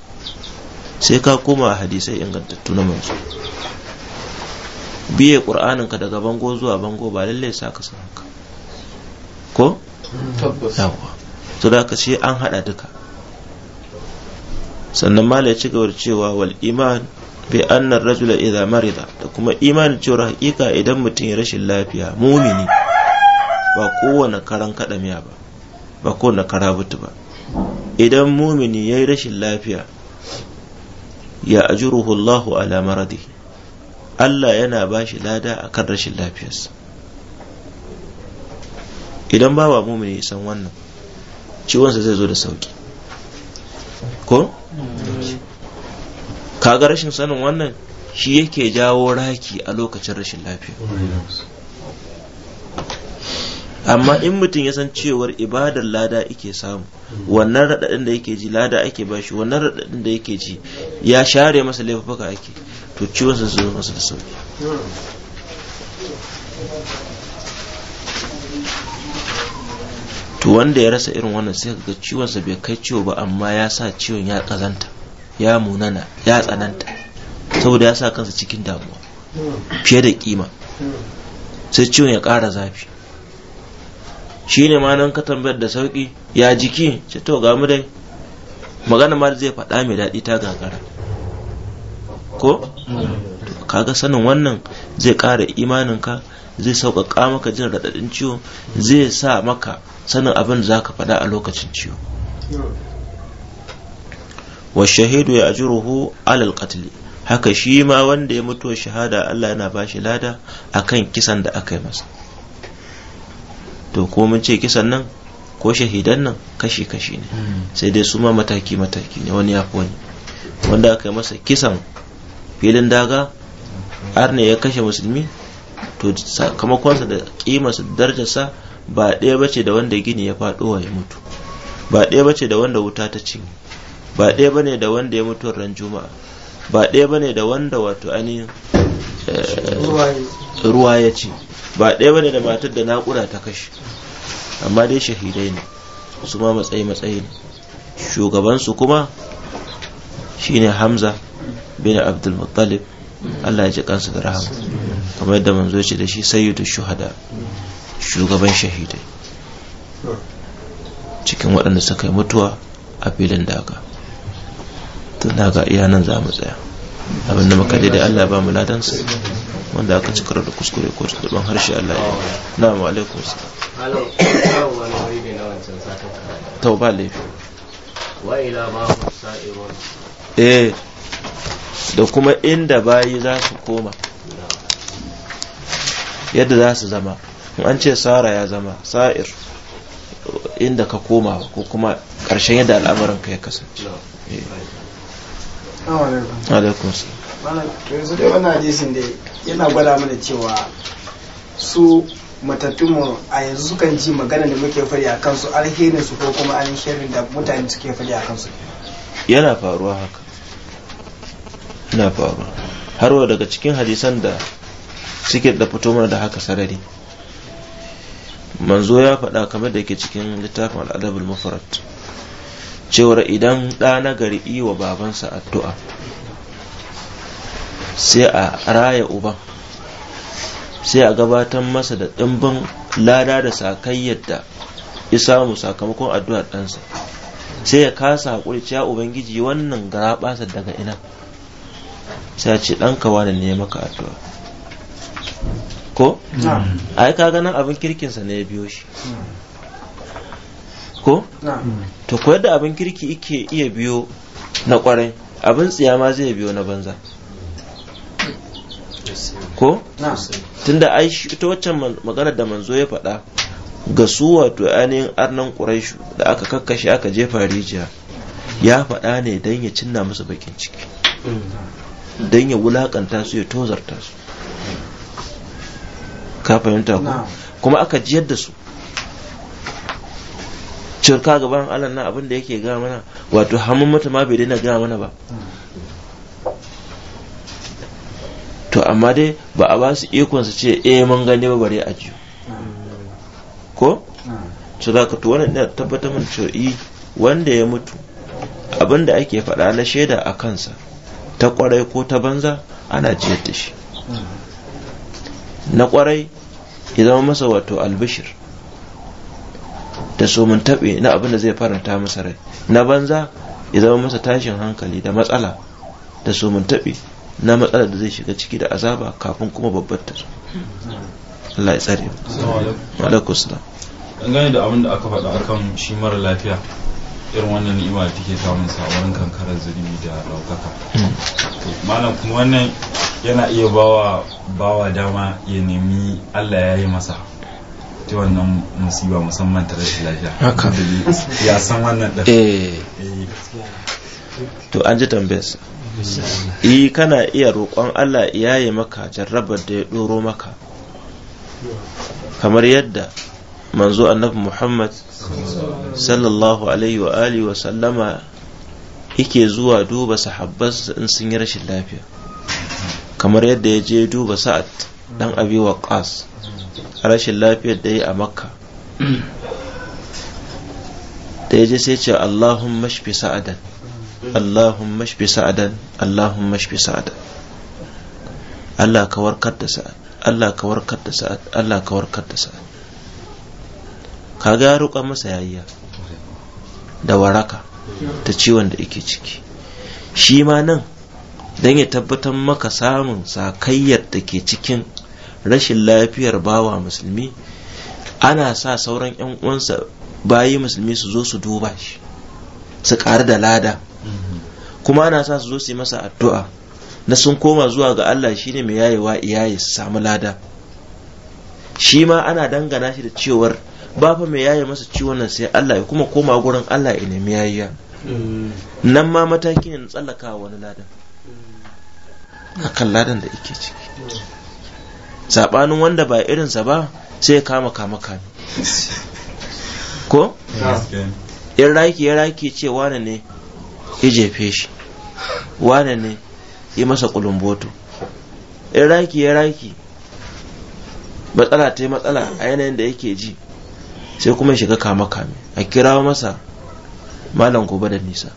[SPEAKER 1] sai ka koma hadisai ingantattu na manzo biye ƙur'aninka daga bango zuwa bango ba lallai sa ka san ko? tabbas yawa to da ka sai an haɗa duka sannan mala ya ci gaba da cewa wal iman bi annar rajula idza marida da kuma imanin cewa hakika idan mutum ya rashin lafiya mumini ba kowane karan kadamiya ba ba kowane karabutu ba idan mumini yayi rashin lafiya ya ajruhu Allah ala maradi Allah yana bashi shi lada akan rashin lafiyarsa idan ba mumini san wannan ciwon sa zai zo da sauki ko kaga rashin sanin wannan shi yake jawo raki a lokacin rashin lafiya amma in mutum ya san cewar ibadar lada ike samu wannan raɗaɗin da yake ji lada ake bashi wannan raɗaɗin da yake ji ya share masa laifuka ake to ciwon sun zo masa da sauki to wanda ya rasa irin wannan sai ga ciwonsa bai kai ciwo ba amma ya sa ciwon ya kazanta ya munana ya tsananta saboda ya sa kansa cikin damuwa fiye da kima sai ciwon ya ƙara zafi shi ne ma nan ka tambayar da sauƙi ya jiki ce to ga mu dai magana ma zai faɗa mai daɗi ta gagara ko kaga sanin wannan zai ƙara imaninka zai sauƙaƙa maka jin raɗaɗin ciwo zai sa maka sanin abin da za ka faɗa a lokacin ciwo wa shahidu ya ajiruhu alal qatli haka shi ma wanda ya mutu shahada Allah yana ba shi lada kan kisan da aka yi masa to ko mun ce kisan nan ko shahidan nan kashi-kashi ne sai dai su ma mataki-mataki ne wani ya wani wanda aka yi masa kisan filin daga har ne ya kashe musulmi to sakamakonsa da kimarsa da darajarsa ba ɗaya ce da wanda gini ya faɗowa ya mutu ba ɗaya ce da wanda wuta ta ci. ba ɗaya bane da wanda ya mutu ran juma'a ba ɗaya bane da wanda wato ani eh, ruwa ya ci ba ɗaya bane da matar da naƙura ta kashe amma dai shahidai ne su ma matsayi matsayi ne shugabansu kuma shine hamza bin abdul muttalib Allah ya ji kansu da rahama kamar yadda manzo ce da shi sayyidu shuhada shugaban shahidai cikin waɗanda suka yi mutuwa a filin daga tun daga iya nan za mu tsaya abinda muka da Allah ba mu ladansa wanda aka ci da kuskure ko su tuɗaɓen harshe Allah ya na mu alaikun sa tau ba laifi eh da kuma inda bayi za su koma yadda za su zama an ce sara ya zama sa'ir inda ka koma ko kuma ƙarshen yadda al'amarin ka ya kasance eh.
[SPEAKER 3] yanzu dai wani hadisin da yana gwada mana cewa su matattunmu a yanzu sukan ji magana da muke fari a kansu alherin su ko kuma an da mutane suke fari a kansu
[SPEAKER 1] yana faruwa haka yana faruwa har daga cikin hadisan da suke da fito mana da haka sarari manzo ya faɗa kamar da yake cikin littafin al'adabul mufrad cewar idan ɗa na gari yi wa babansa addu'a sai a raya uban sai a gabatar masa da ɗimbin lada da sakayyar da ya samu sakamakon addu'ar ɗansa sai ya kasa haƙuri cewa ubangiji wannan garaɓasa daga ina sai a ce ɗanka wani ne maka addu'a ko ai ka ganin abin kirkinsa ne ya biyo shi ko to ku yadda abin kirki ike iya biyo na kwarai abin tsiya ma zai biyo na banza ko tunda ai ita waccan maganar da manzo ya faɗa ga su wato ainihin arnan ƙuraishu da aka kakkashe aka jefa rijiya ya faɗa ne don ya cinna musu bakin ciki
[SPEAKER 4] mm.
[SPEAKER 1] don ya wulakanta su ya tozarta su ka fahimta ku kuma aka jiyar da su cirka gaban Allah na abin da yake ga mana wato hamun mata ma bai daina ga mana ba to amma dai ba a ba su ikon su ce eh mun gane ba bare a ji ko to za ka to wannan ina tabbatar mun cewa eh, wanda ya mutu abin da ake faɗa na shaida a kansa ta kwarai ko ta banza ana jiyar da shi na kwarai ya zama masa wato albishir da somin taɓe na abin da zai faranta masa rai na banza ya zama masa tashin hankali da matsala da somin taɓe na matsala da zai shiga ciki da azaba kafin kuma babbar ta su. Allah ya tsare mu salam da abin da aka faɗa akan shi
[SPEAKER 2] mara lafiya irin wannan ni'ima da take samun sa wurin kankarar zulumi da ɗaukaka. Hmm. malam kuma wannan yana iya bawa bawa dama ya
[SPEAKER 5] nemi Allah ya yi masa ta wannan musiba musamman ta da lafiya haka ya san wannan da eh.
[SPEAKER 1] eh, to an ji tambayas yi eh, kana iya roƙon Allah ya yi maka jarrabar da ya ɗoro maka kamar yadda manzo annabi Muhammad sallallahu alaihi wa alihi wa sallama yake zuwa duba sahabbansa in sun yi rashin lafiya kamar yadda ya je duba sa'ad dan abi waqas a rashin lafiyar da ya a makka da ya je sai ce allahumma mashfi sa'adan allahumma mashfi sa'adan allahumma mashfi sa'adan Allah ka warkar da sa'ad Allah ka warkar da sa'ad Allah ka warkar da sa'ad ka ga ruka masa yayya da waraka ta ciwon da ike ciki shi ma nan don ya tabbatar maka samun sakayyar da ke cikin rashin lafiyar bawa musulmi ana sa sauran 'yan uwansa bayi musulmi su zo su duba shi su ƙaru da lada kuma ana sa su zo su yi masa addu'a na sun koma zuwa ga Allah shi ne mai yayewa iyaye su samu lada shi ma ana dangana shi da cewar ba fa mai yaye masa ciwon nan sai Allah ya kuma koma gurin Allah ya nemi yayiya nan ma mataki ne na tsallaka wani ladan kan ladan da ike ciki saɓanin wanda ba irinsa ba sai ya kama kama kame ko? in raki ya raki ce wane ne ya jefe shi wane ne ya masa kulumboto in raki ya raki matsala ta yi matsala a yanayin da yake ji sai kuma shiga kama kame a kira masa malam gobe da nisa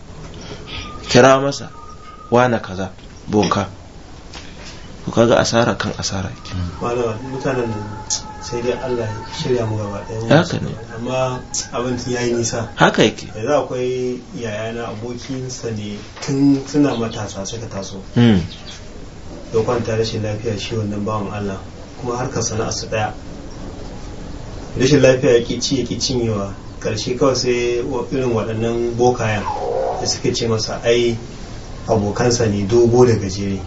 [SPEAKER 1] kira masa wane kaza boka to kaga asara kan asara
[SPEAKER 2] mutanen sai dai Allah ya shirya mu gaba ɗaya haka ne amma abin ya yi nisa haka yake yanzu akwai yayana abokinsa ne tun suna matasa suka taso hmm. ya kwanta rashin lafiya shi wannan bawan Allah kuma harkar sana'a su ɗaya rashin lafiya ya ci ya ƙi cinyewa karshe kawai sai irin waɗannan bokayen da suke ce masa ai abokansa ne dogo da gajere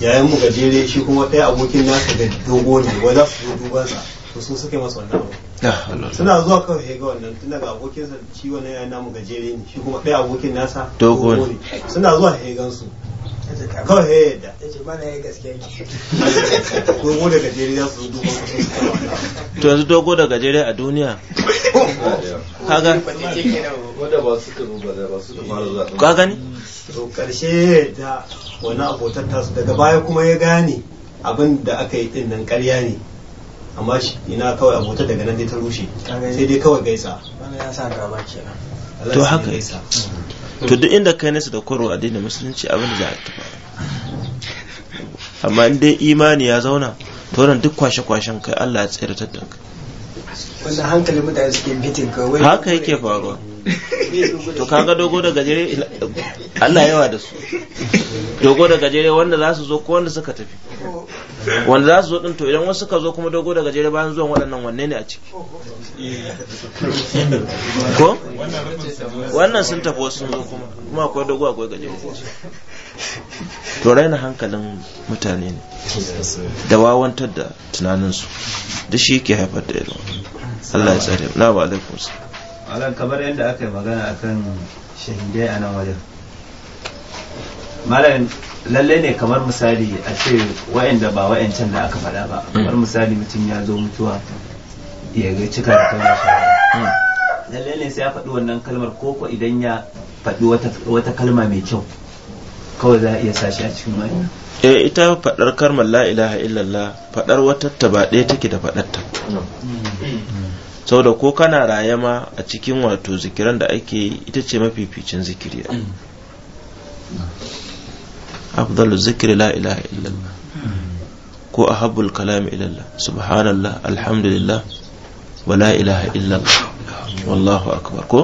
[SPEAKER 2] yayin mu gajere shi kuma ɗaya abokin nasa da dogo ne wai za su zo dubansa to su suke masa wannan abu ah, suna zuwa kawai ya ga wannan tun daga abokinsa shi wannan yayin namu gajere ne shi kuma ɗaya abokin nasa dogo ne suna zuwa ya kawai yadda ce dogo da
[SPEAKER 1] to yanzu dogo da gajere a duniya kaga
[SPEAKER 2] ba su ka ba su ka gani to karshe da wani abotar tasu daga baya kuma ya gane abin da aka yi din nan ƙarya ne amma shi ina kawai abota daga nan dai ta rushe sai dai kawai gaisa wannan ya sa gaba kenan
[SPEAKER 1] to haka gaisa to duk inda kai nesa da koro addinin musulunci abin da za a tafi amma in dai imani ya zauna to ran duk kwashe-kwashen kai Allah ya tsira ta danka
[SPEAKER 3] wanda hankali mutane suke bitin kawai haka
[SPEAKER 1] yake faruwa to kaga dogo da gajere Allah yawa da su dogo da gajere wanda za su zo ko wanda suka tafi wanda za su zo ɗin to idan wasu ka zo kuma dogo daga jere bayan zuwan waɗannan wanne ne a ciki ko wannan sun tafi wasu zo kuma kuma akwai dogo akwai gajere to raina
[SPEAKER 5] hankalin
[SPEAKER 1] mutane ne da wawantar da tunaninsu da shi yake haifar da irin Allah ya tsare na ba alaikum
[SPEAKER 5] salam kamar yadda aka yi magana akan shahidai a nan wajen malam lallai ne kamar misali a ce wa'anda ba wa'ancan da aka faɗa ba mm. kamar misali mutum ya zo mutuwa ya ga cika da kalmar shahada mm. lallai ne sai ya faɗi wannan kalmar koko idan ya faɗi wata kalma mai kyau kawai za a iya sashi a cikin wani
[SPEAKER 1] e ita faɗar kalmar la ilaha illallah faɗar wata ta ba ɗaya take da ta mm. saboda ko kana raye ma a cikin wato zikiran da ake yi ita ce mafificin zikiri afdalu zikri la ilaha illallah ko ahabbul kalami ilallah subhanallah alhamdulillah wa la ilaha illallah wallahu akbar ko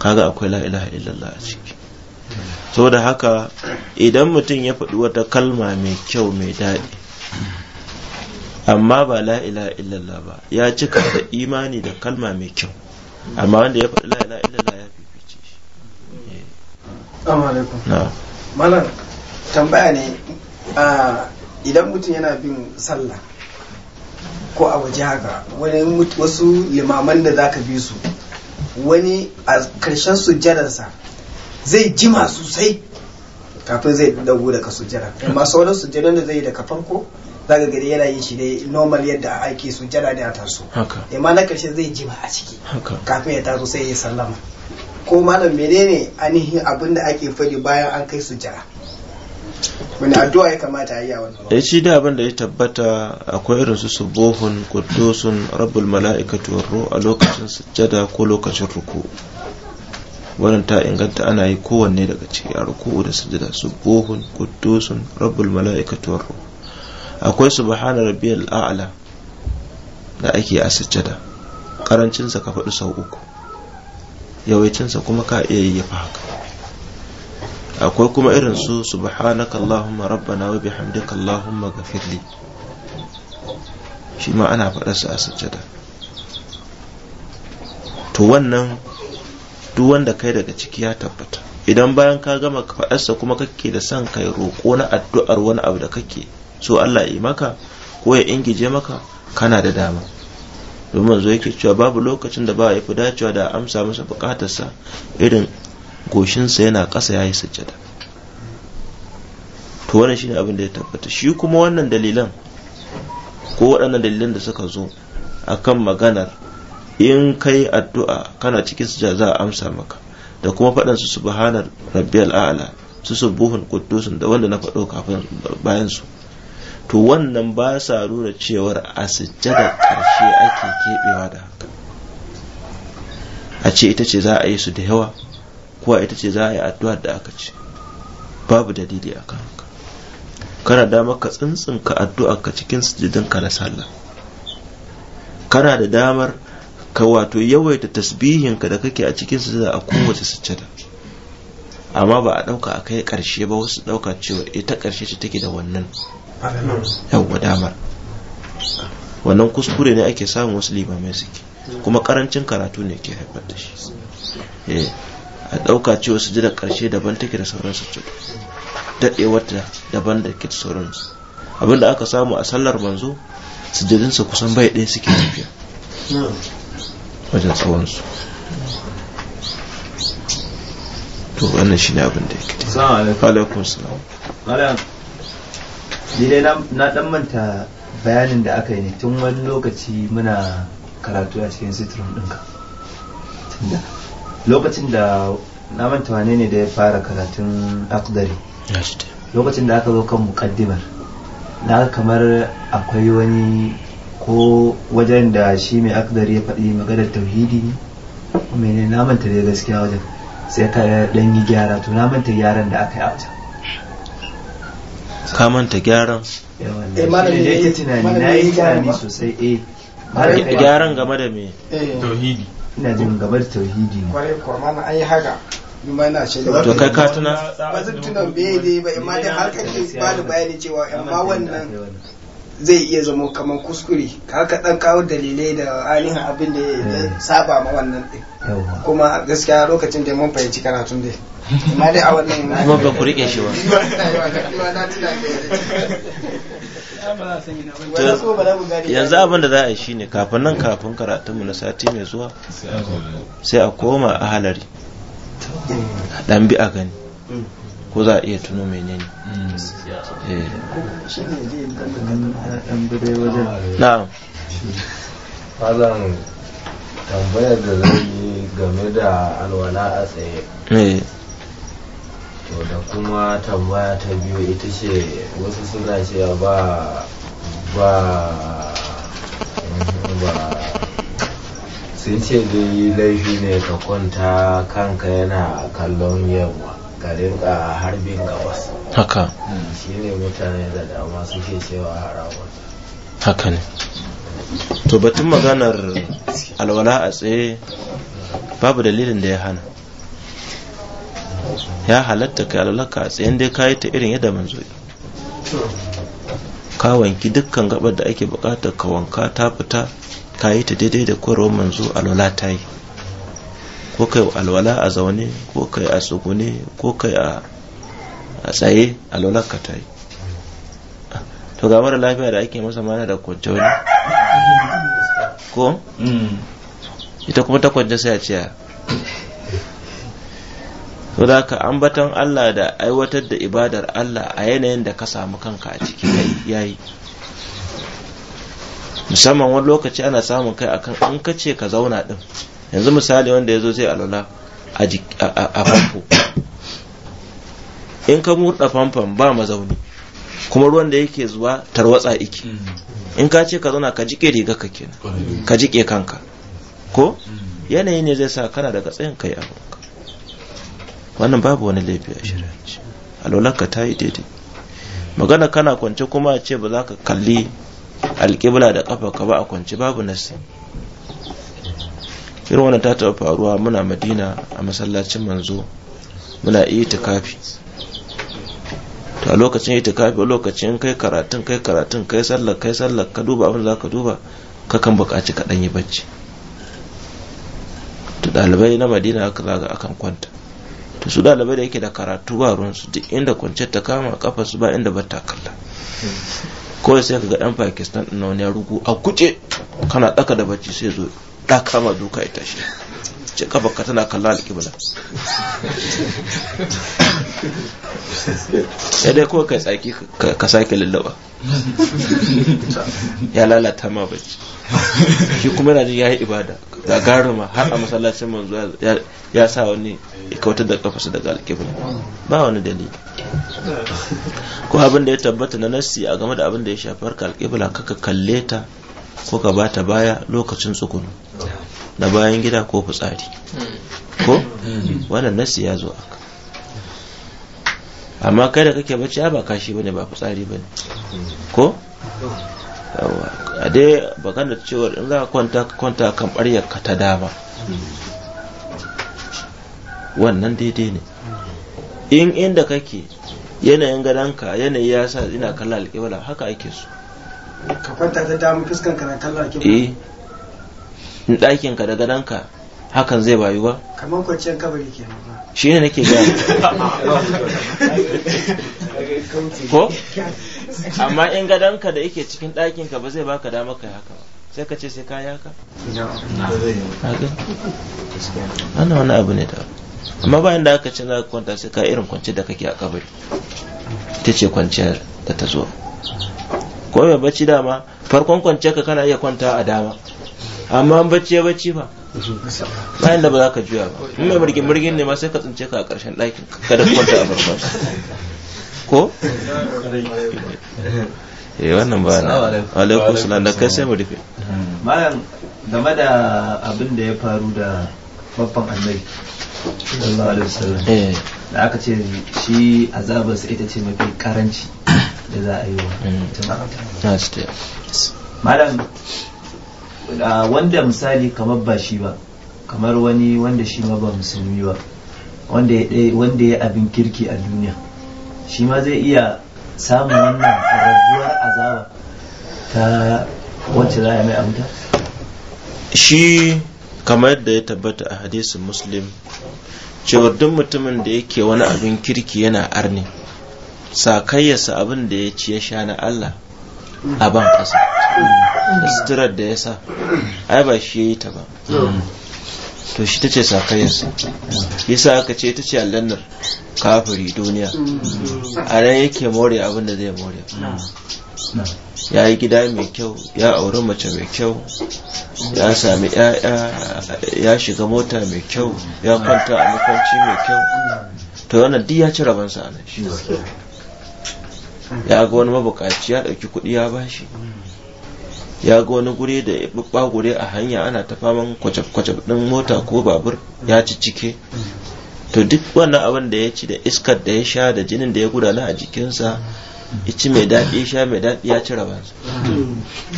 [SPEAKER 1] kaga akwai la ilaha illallah a ciki saboda haka idan mutum ya faɗi wata kalma mai kyau mai daɗi amma ba la ilaha illallah ba ya cika da imani da kalma mai kyau amma wanda ya faɗi la ilaha illallah ya fifice shi
[SPEAKER 3] malam tambaya ne idan mutum yana bin sallah ko a waje haka wani wasu limaman da zaka bi su wani a karshen sujjararsa zai jima sosai kafin zai dago daga sujjara amma sauran sujjadan da zai yi daga farko zaka gari yana yin shi dai normal yadda ake sujjara da ya taso amma na karshe zai jima a ciki kafin ya taso sai ya yi sallama ko malam menene ainihin abin da ake faɗi bayan an kai sujjara wani addu'a ya kamata yi a wani
[SPEAKER 1] ya eh, shi da abin ya tabbata akwai irin su subuhun quddusun rabbul mala'ikatu war a lokacin sujjada ko lokacin ruku wannan ta inganta ana yi kowanne daga ciki a ruku da sujjada subuhun quddusun rabbul mala'ikatu war akwai subhana rabbiyal a'la da ake a sujjada karancinsa ka faɗi sau uku yawaicinsa kuma ka iya yayyafa haka akwai kuma irin su subhanaka allahumma rabbana wa bihamdika allahumma gafirli shi ma ana faɗa su a sajjada. to wannan duk wanda kai daga ciki ya tabbata idan bayan ka gama faɗarsa kuma kake da san kai roƙo na addu'ar wani abu da kake so Allah yi maka ko ya ingije maka kana da dama domin zo yake cewa babu lokacin da ba ya fi dacewa da amsa masa bukatarsa irin goshinsa yana ƙasa ya yi sujjada to wannan shine abin da ya tabbata shi kuma wannan dalilan ko waɗannan dalilan da suka zo akan maganar in kai addu'a kana cikin sujja za a amsa maka da kuma faɗan su subhanar rabbiyal a'la su subuhun quddusun da wanda na faɗo kafin bayan su to wannan ba sa nuna cewar a sujjada ƙarshe ake keɓewa da haka a ce ita ce za a yi su da yawa kuwa ita ce za a yi addu'ar da aka ce babu dalili a kan Ka kana damar ka tsintsinka addu'ar ka cikin ka na sallah kana da damar ka wato yawaita tasbihin ka da kake a cikin sujada a kowace sujada amma ba a ɗauka a kai ƙarshe ba wasu ɗauka cewa ita ƙarshe ce take da wannan yawwa damar wannan kuskure ne ake samun wasu limamai suke kuma ƙarancin karatu ne ke haifar da shi eh. a ɗauka cewa su ji da ƙarshe daban take da sauran su daɗewar ta daban da ke sauran su abinda aka samu a sallar manzo su kusan bai ɗaya suke tafiya wajen tsawon su to wannan shi ne abin da yake alaikum salam
[SPEAKER 5] ni dai na dan manta bayanin da aka yi ne tun wani lokaci muna karatu a cikin sitirin ɗinka lokacin da na manta wane ne da ya fara karatun akdari lokacin da aka zo kan mukaddimar na kamar akwai wani ko wajen da shi mai akdari ya faɗi maganar tauhidi ne ne na manta da gaskiya wajen sai ka ɗan yi gyara to na manta gyaran da aka yi a wajen
[SPEAKER 1] ka manta gyaran
[SPEAKER 3] eh malami ne tunani na yi tunani
[SPEAKER 5] sosai eh gyaran game da me eh. tauhidi ina jin gaba da tauhidi ne
[SPEAKER 3] kwarai kwarma ma an yi haka mana shi to kai ka tuna ba zan tuna bai ne ba amma dai har kake ba da bayani cewa amma wannan zai iya zama kamar kuskure ka ka dan kawo dalilai da ainihin abin da ya eh. saba ma wannan din kuma gaskiya lokacin da mun fahimci karatun dai amma dai a wannan kuma ba ku rike shi ba
[SPEAKER 1] yanzu abin da za a yi shine kafin nan kafin karatunmu na sati mai zuwa sai a koma a halari dan bi a gani ko za a iya tuno menene
[SPEAKER 5] eh. na'am tambayar da zai yi game da alwala a tsaye eh. To da kuma tambaya ta biyu ita ce wasu suna cewa ba ba ba sun ce dai laifi ne ka kwanta kanka yana kallon yamma ka rinka harbin gabas haka hmm, shi ne mutane da dama suke cewa haramun
[SPEAKER 1] haka ne to batun maganar alwala a tsaye babu dalilin da ya hana ya halatta ka alalaka a tsayin dai kayi ta irin yadda manzo ka wanki dukkan gabar da ake bukata ka wanka ta fita yi ta daidai da koyarwar manzo alwala ta yi ko kai alwala a zaune ko kai a tsugune ko kai a tsaye alwala ka ta yi to ga mara lafiya da ake masa mana da kwanci wani ko mm. ita kuma ta kwance sai a ciyar to ka ambatan Allah da aiwatar da ibadar Allah a yanayin da ka samu kanka a ciki ya yi. musamman wani lokaci ana samun kai akan an kace ka zauna din yanzu misali wanda ya zo sai alwala a famfo in ka murda famfon ba mazauni kuma ruwan da yake zuwa tarwatsa iki mm. in ka ce ka zauna ka jike riga ka kenan ka jike kanka ko mm. yanayi ne zai sa kana daga tsayin kai wannan babu wani laifi a shari'ance alwalarka ta yi daidai magana kana kwance kuma a ce ba za ka kalli alƙibla da ƙafa ka ba a kwance babu nasi irin wannan ta taɓa faruwa muna madina a masallacin manzo muna itikafi to a lokacin kafi a lokacin kai karatun kai karatun kai sallar kai sallar ka duba abin za ka duba ka kan buƙaci kaɗan yi bacci to ɗalibai na madina haka zaga akan kwanta to su dalibai da yake da karatu ba ruwan su duk inda kwanciyar ta kama kafa su ba inda ba ta kalla kawai sai ka ga dan pakistan din wani ya rugu a kuce kana daka da bacci sai zo da kama duka ya tashi ce kafarka tana kallon alƙibla sai dai kuma kai tsaki ka sake lullaba ya lalata ma bai shi kuma yana jin ya yi ibada garuma har a masallacin manzo ya sa wani ya kautar da kafarsa daga alƙibla ba wani dalili ko abin da ya tabbata na nassi a game da abin da ya shafar ka alƙibla kaka kalle ta ko ka bata baya lokacin tsukunu na bayan gida ko fitsari hmm. ko
[SPEAKER 4] hmm.
[SPEAKER 1] wannan nasi ya zo aka amma kai da kake bacci ba kashi bane ba fitsari bane ko a dai bakan da cewa in za ka kwanta ka kwanta kan ɓaryar ka ta dama wannan daidai ne in inda kake yanayin gadonka yanayi ya sa ina kalla alƙibla haka ake so
[SPEAKER 3] ka kwanta ta dama fuskan ka na kalla alƙibla
[SPEAKER 1] eh. ɗakin ka da gadonka hakan zai bayu ba
[SPEAKER 3] kamar kwanciyar kabari ke ba
[SPEAKER 1] shi ne nake gaya ko amma in gadonka da yake cikin ɗakin ka ba zai baka dama kai haka ba sai ka ce sai ka yi haka ana wani abu ne da amma bayan da aka ce za ka kwanta sai ka irin kwanci da kake a kabari Ta ce kwanciyar da ta zo ko mai bacci dama farkon kwanciyar ka kana iya kwanta a dama amma an bacci ya bacci ba bayan da ba za ka juya ba in mai murgin murgin ne ma sai ka tsince ka a ƙarshen ɗakin ka da kwanta a farfar ko eh wannan ba na alaikum salam da kai sai mu rufe
[SPEAKER 5] malam game da abin da ya faru da babban annabi sallallahu alaihi wasallam eh. da aka ce shi azabarsa ita ce mafi karanci da za a yi wa mm. malam Ah, wanda misali kamar ba shi ba kamar wani wanda shi ma ba musulmi ba wanda ya abin kirki a duniya shi ma zai iya samun wannan raguwar azaba ta wacce za a mai abuta
[SPEAKER 1] shi kamar yadda ya tabbata a hadisin muslim cewar duk mutumin da yake wani abin kirki yana arni sakayyarsa abin da ya ci ya sha na allah a ban ƙasa da da ya sa ai ba shi ya yi ta ba to shi ta ce sakayyarsa yasa aka ce ta ce kafiri duniya a ran yake more abin da zai more ya yi gida mai kyau ya auri mace mai kyau ya sami ya'ya ya shiga mota mai kyau ya kwanta a makwanci mai kyau to wannan duk ya ci rabansa a nan shi ya ga wani mabukaci ya ɗauki kuɗi ya bashi ya ga wani guri da ya bubba guri a hanya ana ta faman kwacaf-kwacaf din mota ko babur ya ci cike to duk wannan abin da ya ci da iskar da ya sha da jinin da ya gudana a jikinsa ya ci mai daɗi sha mai daɗi ya ci rabansa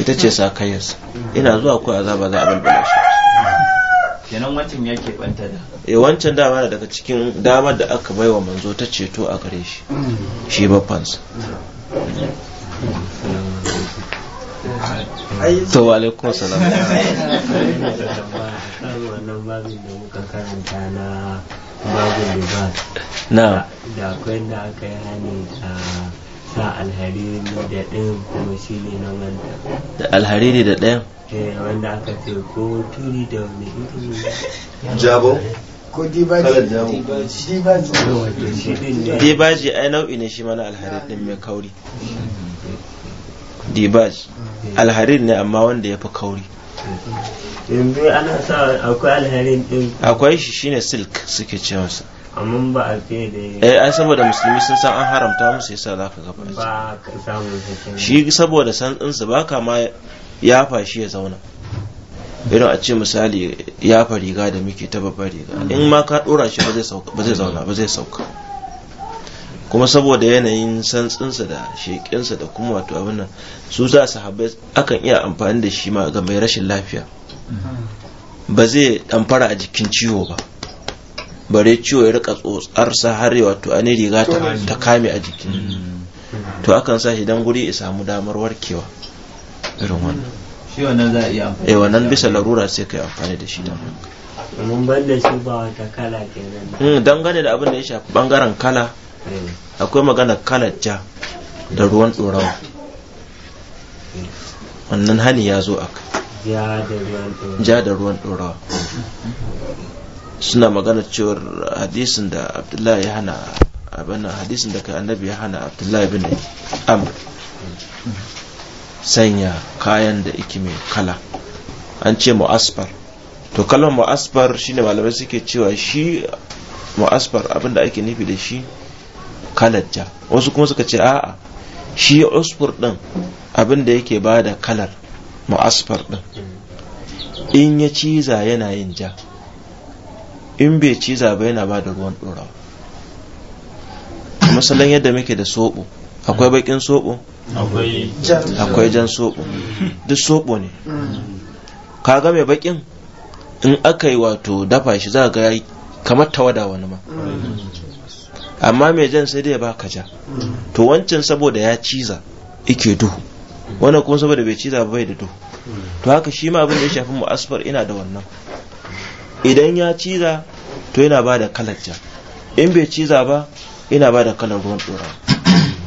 [SPEAKER 1] ita ce sa kayansa ina zuwa ko zaba za a bala shi
[SPEAKER 5] kenan wancan ya keɓanta da
[SPEAKER 1] e wancan dama da daga cikin damar da aka baiwa manzo ta ceto a gare shi shi
[SPEAKER 5] babbansa to alaikun salam wannan
[SPEAKER 2] babin da muka karanta na babin libas na da akwai da aka yi hani a sa alhariri da ɗin kuma shi ne na manta
[SPEAKER 1] da alhariri da ɗayan
[SPEAKER 2] wanda aka ce ko turi da wani iri jabo ko
[SPEAKER 1] dibaji ai nau'i ne shi mana alharir din mai kauri dibaj alharin ne amma wanda ya fi kauri akwai shi shine silk suke ce masa amma ba a da eh, saboda musulmi sun san an haramta musu yasa za ka
[SPEAKER 2] gaba
[SPEAKER 1] shi saboda san in su ba ma ya fashi ya zauna irin a ce misali ya fa riga da muke ta babbar riga in ma ka dora shi ba zai zauna ba zai sauka kuma saboda yanayin santsinsa da shekinsa da kuma wato abin nan su za su haɓe akan iya amfani da shi ma ga mai rashin lafiya ba zai fara a jikin ciwo ba bare ciwo ya rika sa har wato an riga ta kame a jikin to akan sa shi dan guri ya samu damar warkewa irin wannan
[SPEAKER 5] shi wannan za a iya amfani eh wannan
[SPEAKER 1] bisa larura sai kai amfani da shi dan
[SPEAKER 5] mun banda shi ba wata kala kenan
[SPEAKER 1] hmm, dangane da abin da ya shafi bangaren kala Eh, akwai magana kalacca da ruwan ɗorawa wannan hani ya zo a ja da ruwan ɗorawa suna magana cewar hadisin da abdullahi ya hana abinan hadisin da kai annabi ya hana abdullahi bin amur sanya kayan da iki mai kala an ce mu'asfar to kalmar mu'asfar shine malamai suke cewa shi mu'asfar abinda ake nufi da shi kalar ja wasu kuma suka ce a'a shi usfur din abin da yake ba da kalar mu'asfar din in ya ciza yana yin ja in bai ciza ba yana ba da ruwan ɗorawa misalan yadda muke da soɓo akwai baƙin soɓo akwai jan soɓo duk soɓo ne ka ga mai baƙin in aka yi wato dafa shi za ga kamar tawada wani ma amma mai jan sai dai ya baka ja to wancan saboda ya ciza ike duhu wannan kuma saboda bai ciza ba bai da duhu to haka shi ma abin da ya shafi asfar ina da wannan idan ya ciza to yana ba da kalar ja in bai ciza ba yana ba da kalar ruwan ɗora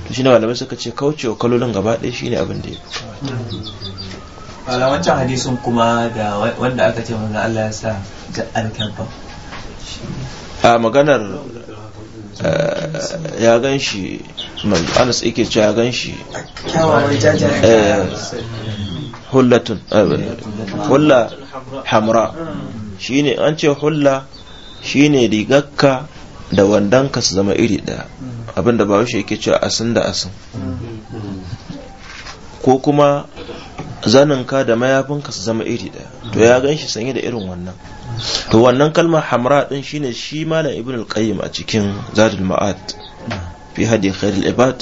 [SPEAKER 1] to shi ne malamai suka ce kaucewa kalolin gaba ɗaya shine abin da ya
[SPEAKER 3] fi
[SPEAKER 5] wancan hadisin kuma da wanda aka ce manzo Allah ya sa ga alkabba
[SPEAKER 1] a maganar Eh, ya gan shi anas yake cewa ya gan shi eh, hullatun eh, hulla hamra ne an ce hulla ne rigakka da wandonka su zama iri daya abinda ba shi yake cewa asin da asin ko kuma zaninka da mayafinka su zama iri daya to ya gan shi sanye da irin wannan to wannan kalmar hamra din shine shi malam ibn al-qayyim a cikin zadul ma'ad fi hadi khairul ibad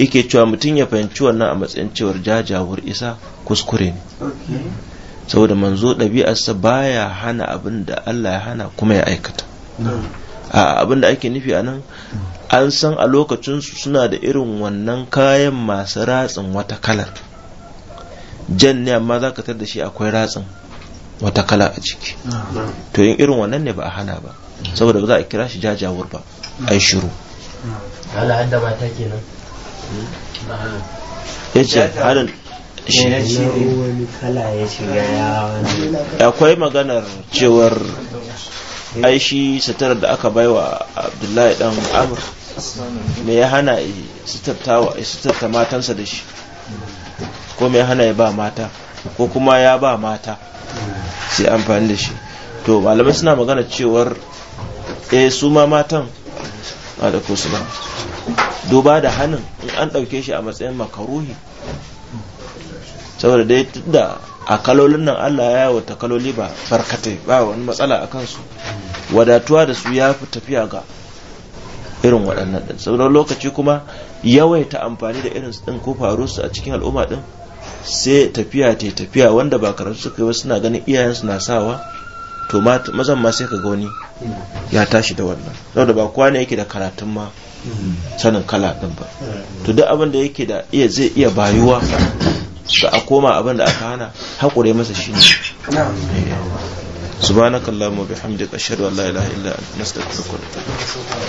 [SPEAKER 1] yake cewa mutum ya fahimci wannan a matsayin cewar jajawar isa kuskure ne saboda manzo ɗabi'arsa baya hana abin Allah ya hana kuma ya aikata a abinda da ake nufi anan. an san a lokacinsu suna da irin wannan kayan masu ratsin wata kalar jan ne amma za ka da shi akwai ratsin wata kala a ciki to yin irin wannan ne ba a hana ba saboda ba za a kira shi jajawar ba ai shiru akwai maganar cewar aishi sitar da aka baiwa abdullahi dan amur me ya hana ta matansa da shi ko me ya hana ya ba mata ko kuma ya ba mata sai amfani da shi to malamai suna magana cewar e su ma matan ba da ko su ba duba da hannun in an ɗauke shi a matsayin makaruhi saboda dai da a kalolin nan Allah ya yawo ta kaloli ba barkatai ba wani matsala a kansu wadatuwa da su ya fi tafiya ga irin waɗannan ɗin saboda lokaci kuma yawaita amfani da irin ɗin ko faru su a cikin al'umma ɗin sai tafiya ta tafiya wanda ba karatu suka yi ba suna ganin iyayen suna sawa to mazan ma sai ka ga wani ya tashi da wannan da ba kowa ne yake da karatun ma sanin kala din ba to duk abin da yake da iya zai iya bayuwa da a koma abin da aka hana haƙure masa shi ne eh. subhanakallahumma bihamdika ashhadu an la ilaha illa
[SPEAKER 4] anta astaghfiruka wa